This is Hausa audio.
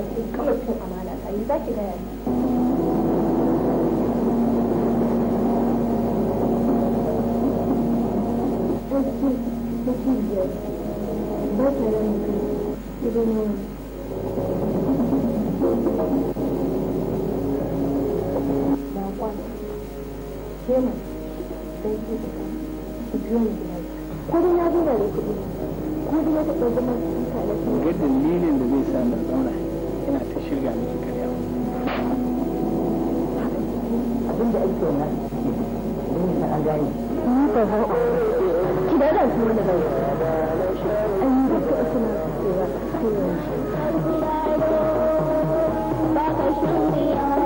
magana cikin kawai cin amana ta yi za ki gaya ni zo da taɓa zama dalilin da zai sa na zauna abin da ake nan don yi an gane ni ah, ba a ki da da su ba ka